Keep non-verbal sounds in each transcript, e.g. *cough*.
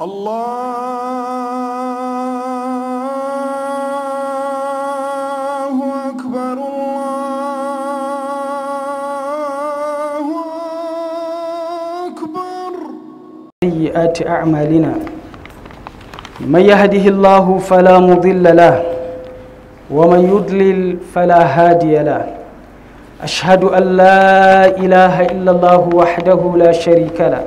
الله أكبر الله أكبر سيئات أعمالنا من يهده الله فلا مضل له ومن يضلل فلا هادي له أشهد أن لا إله إلا الله وحده لا شريك له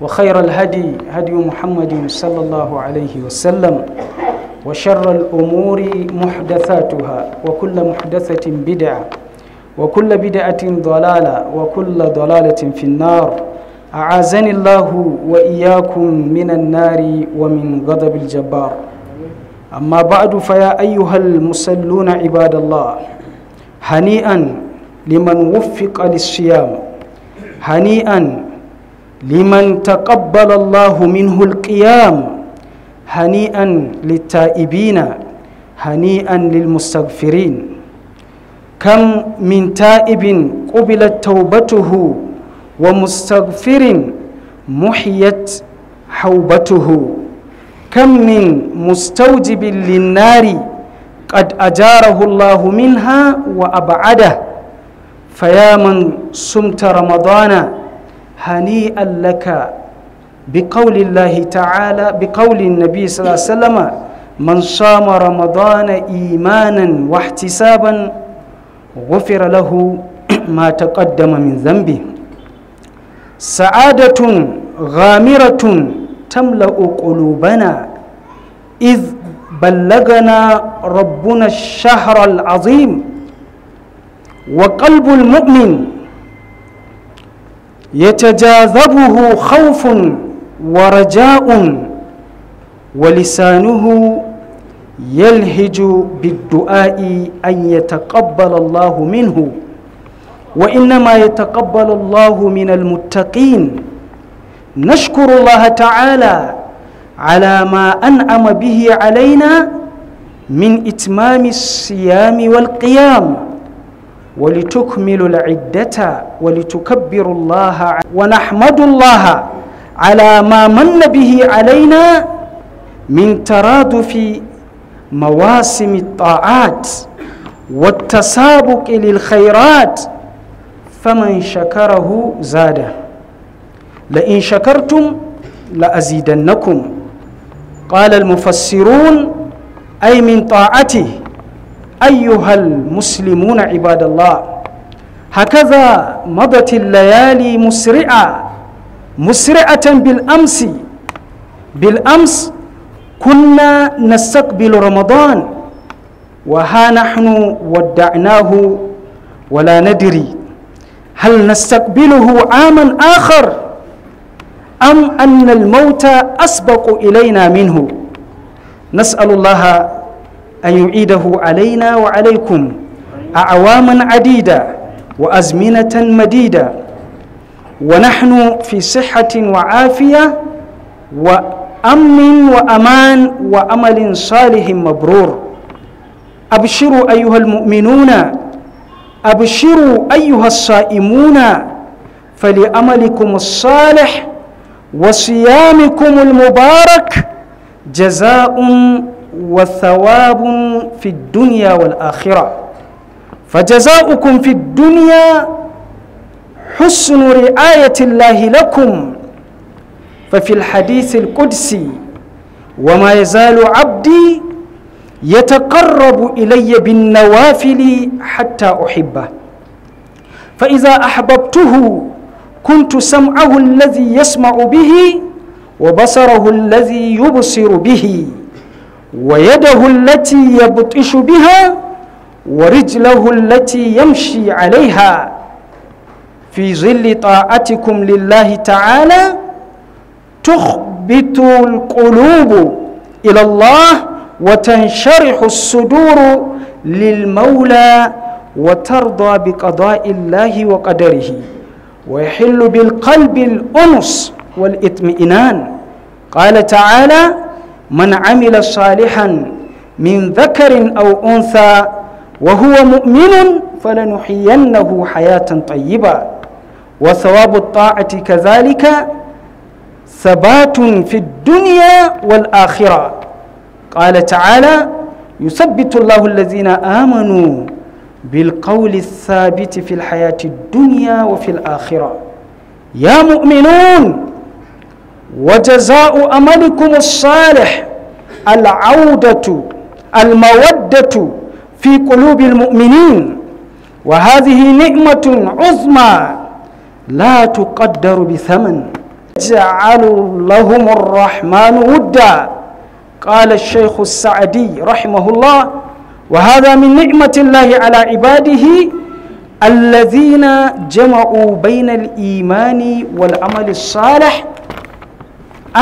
وخير الهدي هدي محمد صلى الله عليه وسلم وشر الأمور محدثاتها وكل محدثة بدعة وكل بدعة ضلالة وكل ضلالة في النار أعاذني الله وإياكم من النار ومن غضب الجبار أما بعد فيا أيها المسلون عباد الله هنيئا لمن وفق للصيام هنيئا liman taqabbala Allahu minhu alqiyam hani'an litta'ibina hani'an lilmustaghfirin kam min ta'ibin qubilat taubatuhu wa mustaghfirin muhiyat haubatuhu kam min mustawjibin linnari qad ajarahu Allahu minha wa ab'adah فيا من sumta Ramadana. هنيئا لك بقول الله تعالى بقول النبي صلى الله عليه وسلم من صام رمضان إيمانا واحتسابا غفر له *clears throat* ما تقدم من ذنبه سعادة غامرة تملأ قلوبنا إذ بلغنا ربنا الشهر العظيم وقلب المؤمن يتجاذبه خوف ورجاء ولسانه يلهج بالدعاء أن يتقبل الله منه وإنما يتقبل الله من المتقين نشكر الله تعالى على ما أنعم به علينا من إتمام الصيام والقيام ولتكملوا العدة ولتكبروا الله ونحمد الله على ما من به علينا من ترادف مواسم الطاعات والتسابق للخيرات فمن شكره زاده لئن شكرتم لأزيدنكم قال المفسرون أي من طاعته أيها المسلمون عباد الله هكذا مضت الليالي مسرعة مسرعة بالأمس بالأمس كنا نستقبل رمضان وها نحن ودعناه ولا ندري هل نستقبله عاما آخر أم أن الموت أسبق إلينا منه نسأل الله أن يعيده علينا وعليكم أعواما عديدة وأزمنة مديدة ونحن في صحة وعافية وأمن وأمان وأمل صالح مبرور أبشروا أيها المؤمنون أبشروا أيها الصائمون فلأملكم الصالح وصيامكم المبارك جزاء وثواب في الدنيا والآخرة فجزاؤكم في الدنيا حسن رعاية الله لكم ففي الحديث القدسي وما يزال عبدي يتقرب إلي بالنوافل حتى أحبه فإذا أحببته كنت سمعه الذي يسمع به وبصره الذي يبصر به ويده التي يبطش بها ورجله التي يمشي عليها في ظل طاعتكم لله تعالى تخبت القلوب إلى الله وتنشرح الصدور للمولى وترضى بقضاء الله وقدره ويحل بالقلب الأنس والإطمئنان قال تعالى من عمل صالحا من ذكر أو أنثى وهو مؤمن فلنحيينه حياة طيبة وثواب الطاعة كذلك ثبات في الدنيا والآخرة قال تعالى يثبت الله الذين آمنوا بالقول الثابت في الحياة الدنيا وفي الآخرة يا مؤمنون وجزاء عملكم الصالح العودة المودة في قلوب المؤمنين وهذه نعمة عظمى لا تقدر بثمن جعلوا لهم الرحمن ودا قال الشيخ السعدي رحمه الله وهذا من نعمة الله على عباده الذين جمعوا بين الإيمان والعمل الصالح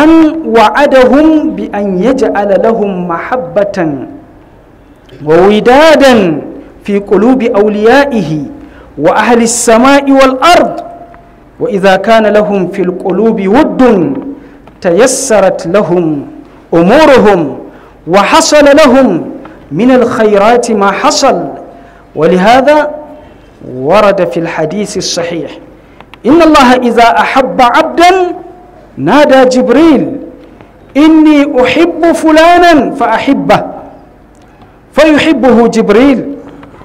أن وعدهم بأن يجعل لهم محبة وودادا في قلوب أوليائه وأهل السماء والأرض وإذا كان لهم في القلوب ود تيسرت لهم أمورهم وحصل لهم من الخيرات ما حصل ولهذا ورد في الحديث الصحيح إن الله إذا أحب عبدا نادى جبريل إني أحب فلانا فأحبه فيحبه جبريل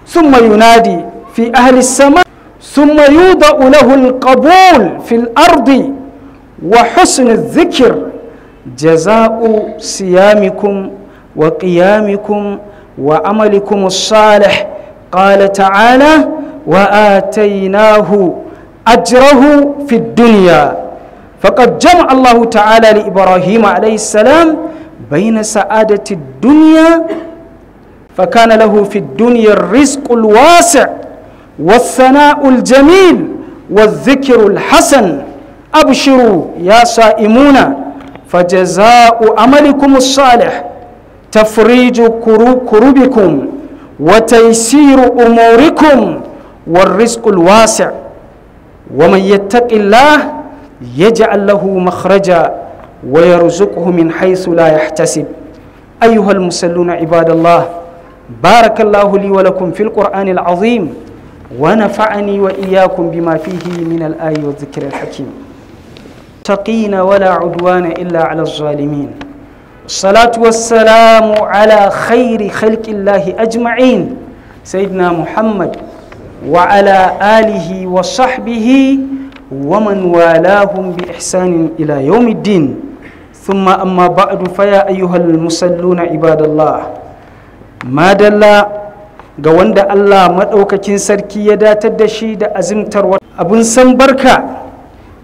ثم ينادي في أهل السماء ثم يوضع له القبول في الأرض وحسن الذكر جزاء صيامكم وقيامكم وعملكم الصالح قال تعالى وآتيناه أجره في الدنيا فقد جمع الله تعالى لإبراهيم عليه السلام بين سعادة الدنيا فكان له في الدنيا الرزق الواسع والثناء الجميل والذكر الحسن أبشروا يا صائمون فجزاء عملكم الصالح تفريج كروبكم وتيسير أموركم والرزق الواسع ومن يتق الله يجعل له مخرجا ويرزقه من حيث لا يحتسب أيها المسلون عباد الله بارك الله لي ولكم في القرآن العظيم ونفعني وإياكم بما فيه من الآي والذكر الحكيم تقين ولا عدوان إلا على الظالمين الصلاة والسلام على خير خلق الله أجمعين سيدنا محمد وعلى آله وصحبه ومن والاهم بإحسان إلى يوم الدين ثم أما بعد فيا أيها المصلون عباد الله ما دل ga wanda Allah maɗaukakin sarki ya datar da shi da azimtar abin san barka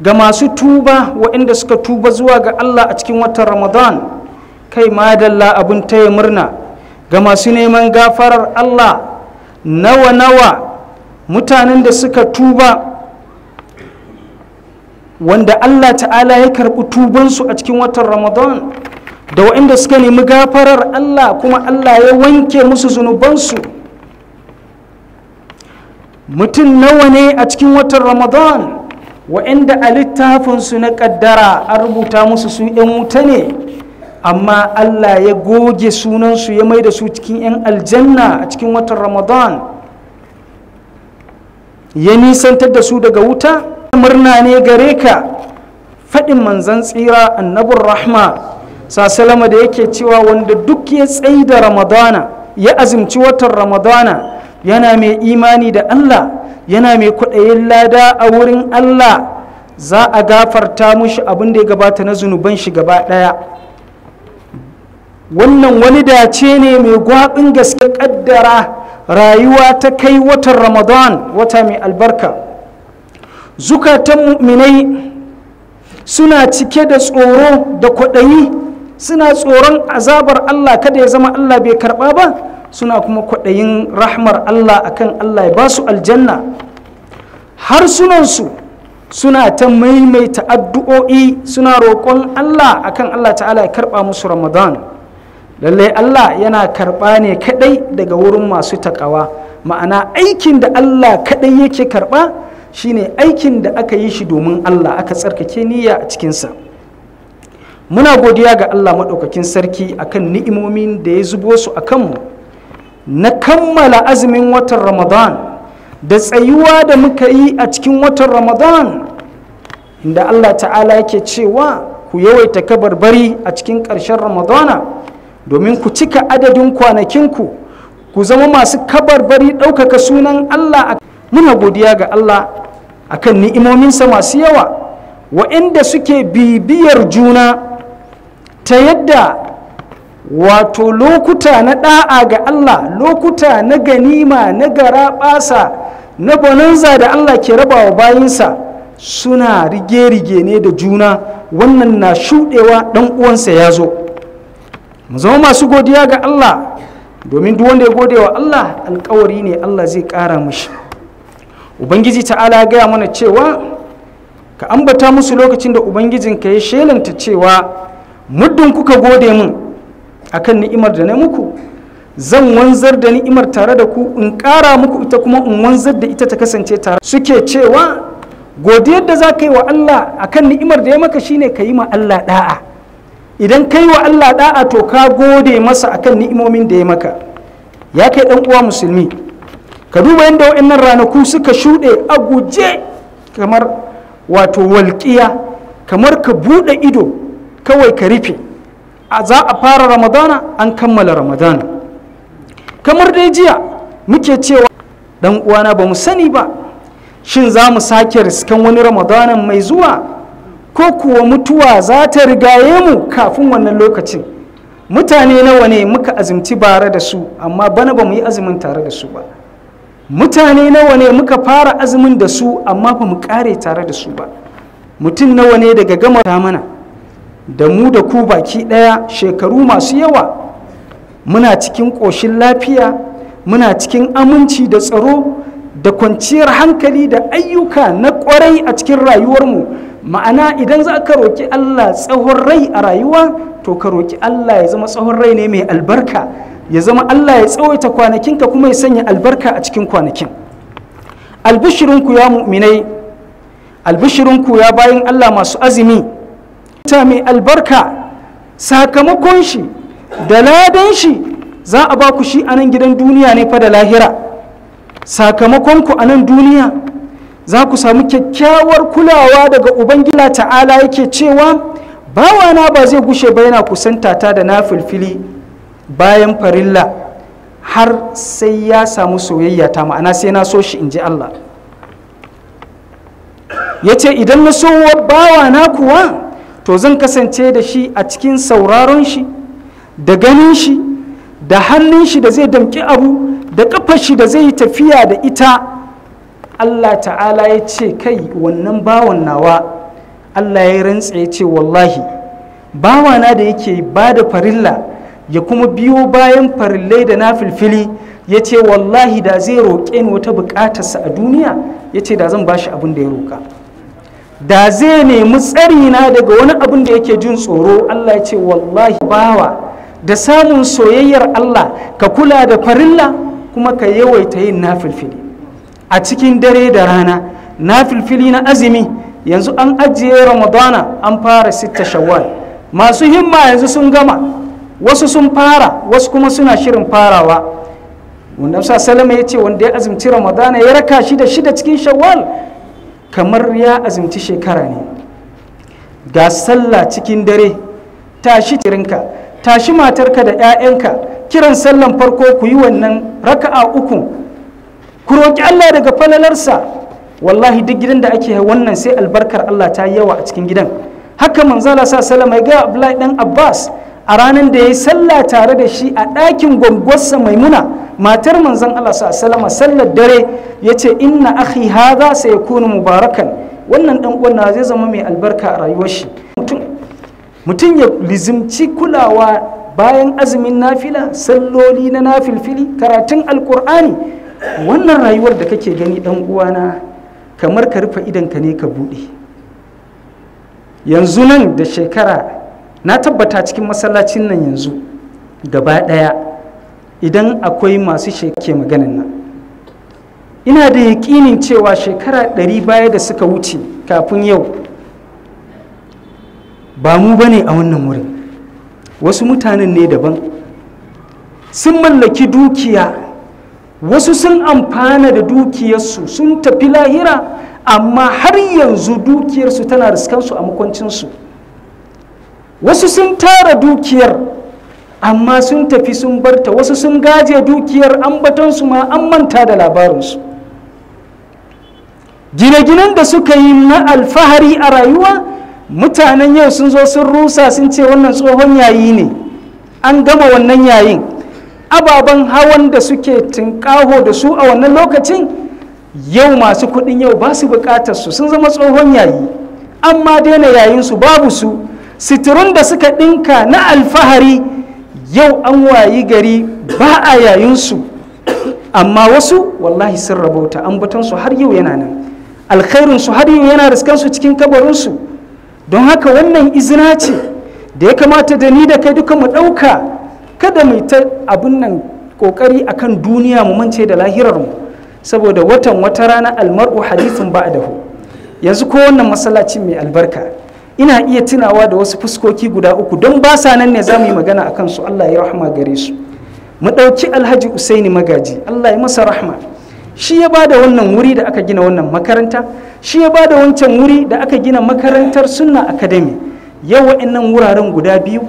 ga masu tuba waɗanda suka tuba zuwa ga Allah a cikin watan Ramadan kai madalla abin taya murna ga masu neman gafarar Allah nawa nawa mutanen da suka tuba wanda Allah ta'ala ya karɓi tubansu a cikin watan ramadan da waɗanda suka nemi gafarar Allah kuma Allah ya wanke musu zunubansu mutum nawa ne a cikin watan ramadan waɗanda a littafinsu na ƙaddara an rubuta musu su 'yan wuta ne amma Allah ya goge sunansu ya mai da su cikin 'yan aljanna a cikin watan ramadan ya nisantar da su daga wuta murna ne gare ka faɗin manzan tsira annabin rahma sasalama da yake cewa wanda duk ya tsayi da ramadana ya azumci watan ramadana yana mai imani da allah yana mai kwaɗayin lada a wurin allah za a gafarta mushi abin da ya gabata na zunuban shi gaba ɗaya wannan wani dace ne mai gwaɓin gaske ƙaddara rayuwa ta kai watan ramadan wata mai albarka zukatan mu'minai suna cike da tsoro da kwaɗayi suna tsoron azabar Allah kada ya zama Allah bai karɓa ba suna kuma kwaɗayin rahmar Allah akan Allah ya basu su aljanna harsunansu suna ta maimaita addu'o'i suna roƙon Allah akan Allah ta'ala ya karɓa musu ramadan lallai Allah yana karɓa ne kaɗai daga wurin masu taƙawa ma'ana aikin da Allah kaɗai yake karɓa shine aikin da aka yi shi domin Allah aka tsarkake niyya a cikinsa muna godiya ga Allah maɗaukakin sarki akan ni'imomin da ya zubo su a kanmu na kammala azumin watan ramadan da tsayuwa da muka yi a cikin watan ramadan inda Allah ta'ala yake cewa ku yawaita kabarbari a cikin ƙarshen ramadana domin ku cika adadin kwanakinku ku zama masu kabarbari ɗaukaka sunan Allah a muna godiya ga Allah akan ni'imominsa masu yawa wa'inda suke bibiyar juna ta yadda wato lokuta na da'a ga Allah lokuta na ganima na gara basa na bonanza da Allah ke raba wa bayinsa suna rige-rige ne da juna wannan na shuɗewa ɗan uwansa ya zo mu zama masu godiya ga Allah domin duk wanda ya gode wa Allah alkawari ne Allah zai ƙara mishi ubangiji ta'ala gaya mana cewa ka ambata musu lokacin da ubangijin ka ya shelanta cewa muddin kuka gode mun akan ni'imar da na muku zan wanzar da ni'imar tare da ku in ƙara muku ita kuma in wanzar da ita ta kasance tare suke cewa godiyar da za ka yi wa Allah akan ni'imar da ya maka shine ka yi ma Allah da'a idan ka yi wa Allah da'a to ka gode masa akan ni'imomin da ya maka ya kai dan uwa musulmi ka duba yadda wa'annan ranaku suka shuɗe a guje kamar wato walƙiya kamar ka buɗe ido kawai ka rufe a za a fara ramadana an kammala ramadana kamar dai jiya muke cewa dan uwana ba mu sani ba shin za mu sake riskan wani Ramadana mai zuwa ko kuwa mutuwa za ta rigaye mu kafin wannan lokacin mutane nawa ne muka azumci bare da su amma bana ba mu yi azumin tare da su ba mutane nawa ne muka fara azumin da su amma ba mu kare tare da su ba mutum nawa ne daga gama ta mana da mu da ku baki ɗaya shekaru masu yawa muna cikin ƙoshin lafiya muna cikin aminci da tsaro da kwanciyar hankali da ayyuka na ƙwarai a cikin rayuwarmu ma'ana idan za ka roƙi allah tsawon rai a rayuwa to ka roƙi allah ya zama tsawon rai ne mai albarka ya zama Allah ya tsawaita ka kuma ya sanya albarka a cikin kwanakin albishirinku ya mu'minai albishirinku ya bayan Allah masu azumi ta mai albarka sakamakon shi da ladan shi za a ba ku shi a nan gidan duniya ne fa da lahira sakamakon ku a nan duniya za ku samu kyakkyawar kulawa daga ubangila ta'ala yake cewa bawana ba zai gushe ba yana kusanta ta da na filfili bayan farilla har sai ya samu soyayya ta ma'ana sai na so shi in ji Allah ya ce idan na so bawa na kuwa to zan kasance da shi a cikin sauraron shi da ganin shi da hannun shi da zai damƙi abu da ƙafar shi da zai yi tafiya da ita Allah ta'ala ya ce kai wannan bawan nawa Allah ya rantsa ya ce wallahi bawana da yake ba da farilla ya kuma biyo bayan farillai da na filfili ya ce wallahi da zai roƙe ni wata buƙatarsa a duniya ya ce da zan ba shi abin da ya roƙa da zai nemi tsari na daga wani abin da yake jin tsoro Allah ya ce wallahi bawa da samun soyayyar Allah ka kula da farilla kuma ka yawaita yin na filfili. a cikin dare da rana na filfili na azumi yanzu an ajiye ramadana an fara sitta shawwal masu himma yanzu sun gama wasu sun fara wasu kuma suna shirin farawa wanda sa salama ya ce wanda ya azumci ramadana ya raka shi da shida cikin shawwal kamar ya azumci shekara ne ga sallah cikin dare tashi tirinka tashi matarka da 'ya'yanka kiran sallan farko ku yi wannan raka'a uku ku roƙi allah daga falalarsa wallahi duk gidan da ake wannan sai albarkar allah ta yawa a cikin gidan haka manzala sa salama ya ga abdullahi dan abbas a ranar da ya yi sallah tare da shi a ɗakin gwangwarsa maimuna matar manzon Allah sallama sallar dare ya ce inna akhi za sai ya kuna mubarakan wannan ɗan na zai zama mai albarka a rayuwar shi mutum ya lizimci kulawa bayan azumin nafila salloli na filfili, karatun alkur'ani wannan rayuwar da kake gani ɗan uwana kamar ka rufe idanka ne ka buɗe yanzu nan da shekara na tabbata cikin masallacin nan yanzu gaba ɗaya idan akwai masu sheke maganin nan ina da yaƙinin cewa shekara ɗari baya da suka wuce kafin yau ba mu bane a wannan wurin wasu mutanen ne daban sun mallaki dukiya wasu sun amfana da dukiyarsu sun tafi lahira amma har yanzu dukiyarsu tana su a makwancinsu wasu sun tara dukiyar amma sun tafi sun barta wasu sun gaje dukiyar ambatonsu ma an manta da labarinsu gine-ginen da suka yi na alfahari a rayuwa mutanen yau sun zo sun rusa sun ce wannan tsohon yayi ne an gama wannan yayin ababen hawan da suke tunƙaho da su a wannan lokacin yau masu kuɗin yau ba su buƙatar su sun zama tsohon yayi amma daina yayinsu babu su sitirun da suka ɗinka na alfahari yau an wayi gari ba a yayinsu amma wasu wallahi sun rabauta ambatansu har yau yana nan su har yau yana riskansu cikin kabarinsu don haka wannan izina ce da ya kamata da ni da kai duka mu ɗauka kada mu ta abun nan ƙoƙari akan duniya mu mance da lahirar mu saboda watan wata rana almar'u hadithun ba'dahu yanzu ko wannan masallaci mai albarka ina iya tunawa da wasu fuskoki guda uku don ba sa nan ne za mu yi magana a kansu Allah ya rahama gare su mu ɗauki alhaji usaini magaji Allah ya masa rahama shi ya ba da wannan wuri da aka gina wannan makaranta shi ya ba da wancan wuri da aka gina makarantar sunna academy yau wa'annan wuraren guda biyu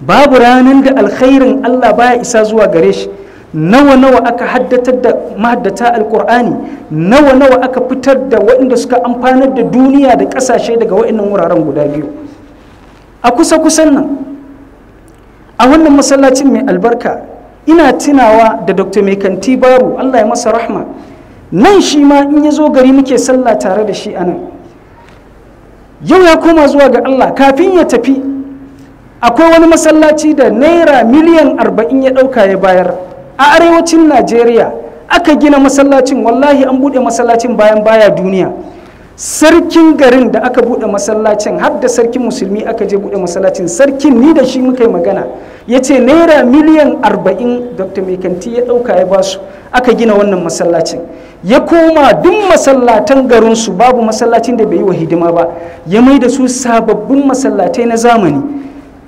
babu ranar da alkhairin Allah baya isa zuwa gare shi nawa nawa aka haddatar da mahaddata alkur'ani nawa nawa aka fitar da waɗanda suka amfanar da duniya da ƙasashe daga waɗannan wuraren guda biyu a kusa kusan nan a wannan masallacin mai albarka ina tunawa da dr mai kanti baro allah ya masa rahma nan shi ma in ya zo gari muke sallah tare da shi a nan yau ya koma zuwa ga allah kafin ya tafi akwai wani masallaci da naira miliyan arba'in ya ɗauka ya bayar a arewacin najeriya aka gina masallacin wallahi an buɗe masallacin bayan baya duniya sarkin garin da aka buɗe masallacin har da sarkin musulmi aka je buɗe masallacin sarkin ni da shi muka yi magana ya ce naira miliyan arba'in dr mekanti ya ɗauka ya basu aka gina wannan masallacin ya koma duk masallatan garinsu babu masallacin da bai yi wa hidima ba ya mai da su sababbin masallatai na zamani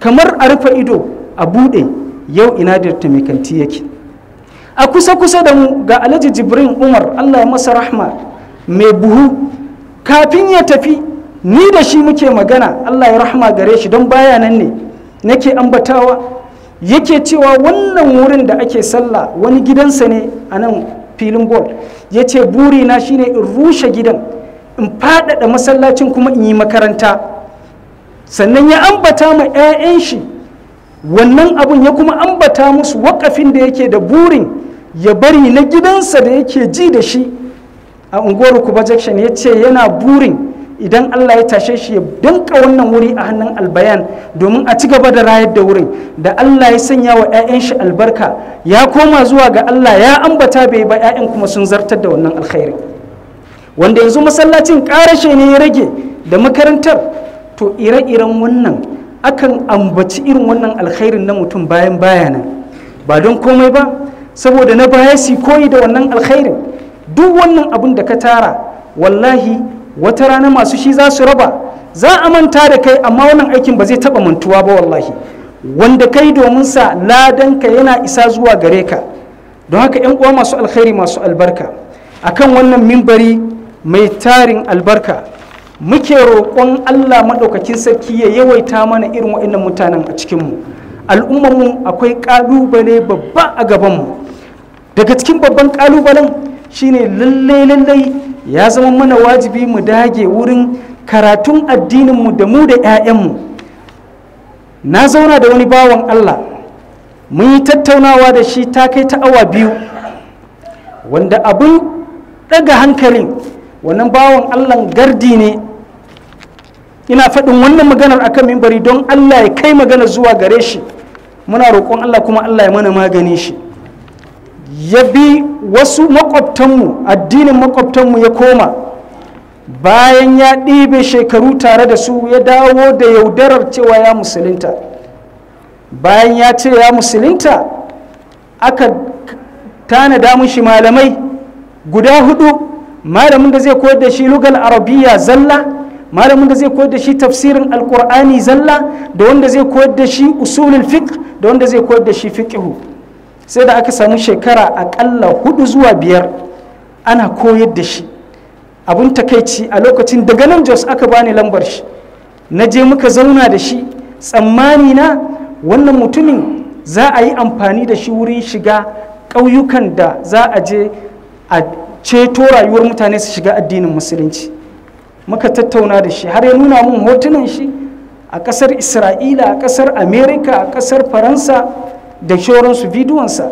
kamar a rufe ido a buɗe yau ina dr mekanti yake a kusa kusa da mu ga alhaji jibrin umar allah ya masa rahma mai buhu kafin ya tafi ni da shi muke magana allah ya rahma gare shi don baya nan ne nake ambatawa yake cewa wannan wurin da ake sallah wani gidansa ne a nan filin bol ya ce burina shine in rushe gidan in faɗaɗa masallacin kuma in yi makaranta sannan ya ambata ma 'ya'yan shi wannan abun ya kuma ambata musu wakafin da yake da burin ya bari na gidansa da yake ji da shi a unguwar kuba jackson ya ce yana burin idan allah ya tashe shi ya danka wannan wuri a hannun albayan domin a ci gaba da rayar da wurin da allah ya sanya wa 'ya'yan shi albarka ya koma zuwa ga allah ya ambata bai ba 'ya'yan kuma sun zartar da wannan alkhairi wanda yanzu masallacin karashe ne ya rage da makarantar to ire-iren wannan akan ambaci irin wannan alkhairin na mutum bayan bayana ba don komai ba saboda na baya su koyi da wannan alkhairin duk wannan abin da ka tara wallahi wata rana masu shi za su raba za a manta da kai amma wannan aikin ba zai taba mantuwa ba wallahi wanda kai domin sa ladanka yana isa zuwa gare ka don haka yan uwa masu alkhairi masu albarka akan wannan mimbari mai tarin albarka muke roƙon Allah maɗaukakin sarki ya yawaita mana irin waɗannan mutanen a cikinmu al'ummarmu akwai kalubale babba a gabanmu daga cikin babban kalubalen shine lallai lallai ya zama mana wajibi mu dage wurin karatun addininmu da mu da 'ya'yanmu na zauna da wani bawan allah mun yi tattaunawa da shi ta kai ta awa biyu wanda abin daga hankalin wannan bawan allah gardi ne ina faɗin wannan maganar akan mimbari don Allah ya kai magana zuwa gare shi muna roƙon Allah kuma Allah ya mana magani shi ya bi wasu makwabtanmu addinin makwabtanmu ya koma bayan ya ɗibe shekaru tare da su ya dawo da yaudarar cewa ya musulunta bayan ya ce ya musulunta aka tanada mushi malamai guda hudu malamin da zai koyar da shi lugal arabiya zalla malamin da zai koyar da shi tafsirin alkur'ani zalla da wanda zai koyar da shi usulul fiqh da wanda zai koyar da shi fiqhu sai da aka samu shekara akalla hudu zuwa biyar ana koyar da shi abun takaici a lokacin daga nan jos aka bani lambar shi na je muka zauna da shi tsammani na wannan mutumin za a yi amfani da shi wurin shiga ƙauyukan da za a je a ceto rayuwar mutane su shiga addinin musulunci muka tattauna da shi har ya nuna mun hotunan shi a ƙasar isra'ila a ƙasar amerika a ƙasar faransa da shoransu bidiyonsa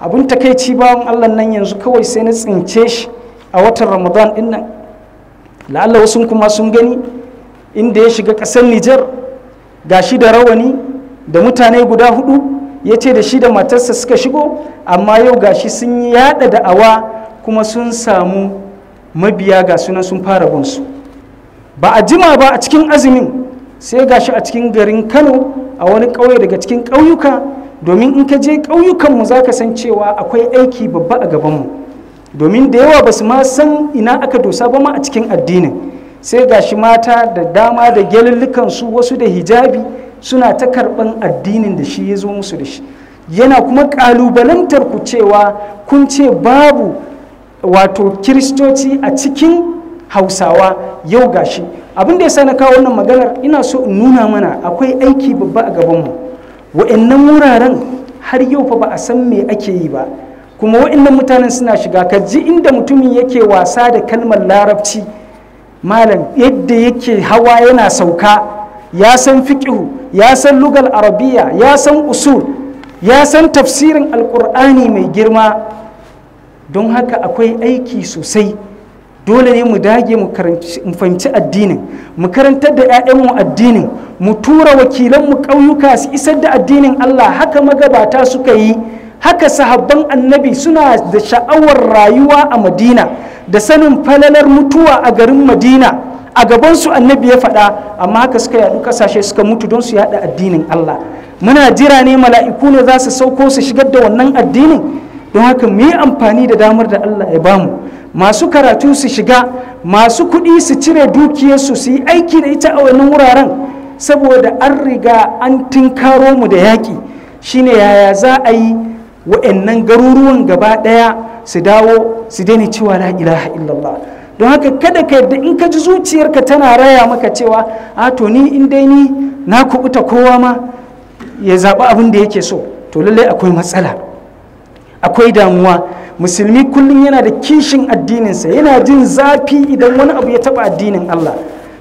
abin takaici bawan allah nan yanzu kawai sai na tsince shi a watan ramadan din nan la'alla wasu kuma sun gani inda ya shiga ƙasar nijar gashi da rawani da mutane guda hudu ya ce da shi da matarsa suka shigo amma yau gashi sun yi yada da'awa kuma sun samu mabiya ga sunan sun fara bunsu ba a jima ba a cikin azumin sai gashi a cikin garin kano a wani ƙauye daga cikin ƙauyuka domin in ka je ƙauyukanmu za ka san cewa akwai aiki babba a gabanmu domin da yawa ba su ma san ina aka dosa ba ma a cikin addinin sai gashi mata da dama da gyalullukansu wasu da hijabi suna ta karɓan addinin da shi ya zo musu da shi yana kuma ƙalubalantar ku cewa kun ce babu wato kiristoci a cikin hausawa yau gashi abin da ya sa na kawo wannan maganar ina so in nuna mana akwai aiki babba a gabanmu wa'annan wuraren har yau fa ba a san me ake yi ba kuma wa'annan mutanen suna shiga ka ji inda mutumin yake wasa da kalmar larabci malam yadda yake hawa yana sauka ya san fiƙihu ya san lugal arabiya ya san usul ya san tafsirin alqur'ani mai girma don haka akwai aiki sosai dole ne mu dage mu fahimci addinin mu karantar da 'ya'yanmu addinin mu tura wakilanmu ƙauyuka su isar da addinin Allah haka magabata suka yi haka sahabban annabi suna da sha'awar rayuwa a madina da sanin falalar mutuwa a garin madina a gabansu annabi ya faɗa amma haka suka yaɗu ƙasashe suka mutu don su yaɗa addinin Allah muna jira ne mala'iku ne za su sauko su shigar da wannan addinin don haka mu yi amfani da damar da Allah ya bamu masu karatu su shiga masu kuɗi su cire dukiyarsu su yi aiki da ita a wannan wuraren saboda an riga an tinkaro mu da yaƙi shine yaya za a yi wa'annan garuruwan gaba ɗaya su dawo su daina cewa la ilaha illallah don haka kada ka yarda in ka ji zuciyarka tana raya maka cewa a to ni in dai ni na kubuta kowa ma ya zaɓi abin da yake so to lallai akwai matsala akwai damuwa musulmi kullum yana da kishin addininsa yana jin zafi idan wani abu ya taba addinin Allah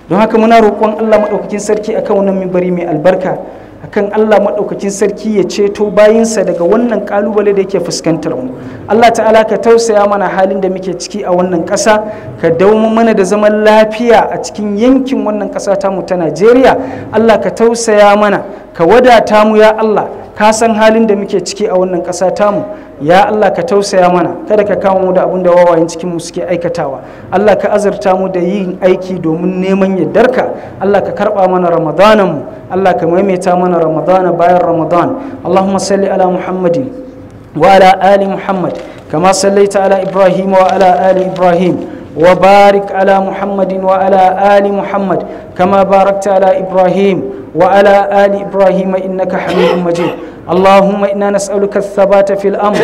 don haka muna roƙon Allah maɗaukakin sarki akan wannan mimbari mai albarka akan Allah maɗaukakin sarki ya ceto bayinsa daga wannan kalubale da yake fuskantar mu Allah ta'ala ka tausaya mana halin da muke ciki a wannan ƙasa ka dauma mana da zaman lafiya a cikin yankin wannan ƙasa tamu ta Najeriya Allah ka tausaya mana ka wadata mu ya Allah ka san halin da muke ciki a wannan ƙasa tamu ya Allah ka tausaya mana kada ka kama mu da abun da wawayen cikin mu suke aikatawa Allah ka azurta mu da yin aiki domin neman yardarka Allah ka karba mana ramadanan mu Allah ka maimaita mana ramadana bayan ramadan Allahumma salli ala Muhammadin wa ala ali Muhammad kama sallaita ala Ibrahim wa ala ali Ibrahim وبارك على محمد وعلى آل محمد كما باركت على إبراهيم وعلى آل إبراهيم إنك حميد مجيد اللهم إنا نسألك الثبات في الأمر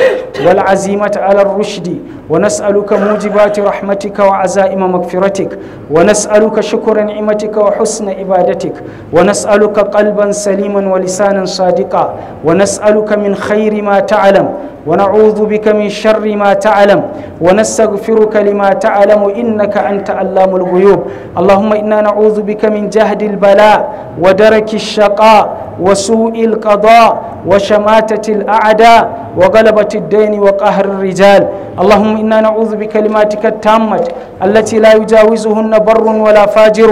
والعزيمة على الرشد ونسألك موجبات رحمتك وعزائم مغفرتك ونسألك شكر نعمتك وحسن عبادتك ونسألك قلبا سليما ولسانا صادقا ونسألك من خير ما تعلم ونعوذ بك من شر ما تعلم ونستغفرك لما تعلم إنك أنت علام الغيوب اللهم إنا نعوذ بك ذلك من جهد البلاء ودرك الشقاء وسوء القضاء وشماتة الأعداء وغلبة الدين وقهر الرجال اللهم إنا نعوذ بكلماتك التامة التي لا يجاوزهن بر ولا فاجر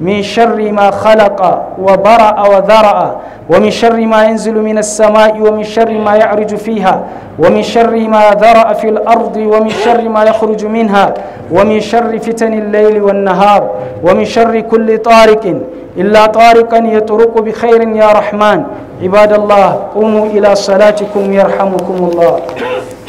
من شر ما خلق وبرأ وذرأ ومن شر ما ينزل من السماء ومن شر ما يعرج فيها ومن شر ما ذرأ في الأرض ومن شر ما يخرج منها ومن شر فتن الليل والنهار ومن شر كل طارق إلا طارقا يطرق بخير يا رحمن عباد الله قوموا إلى صلاتكم يرحمكم الله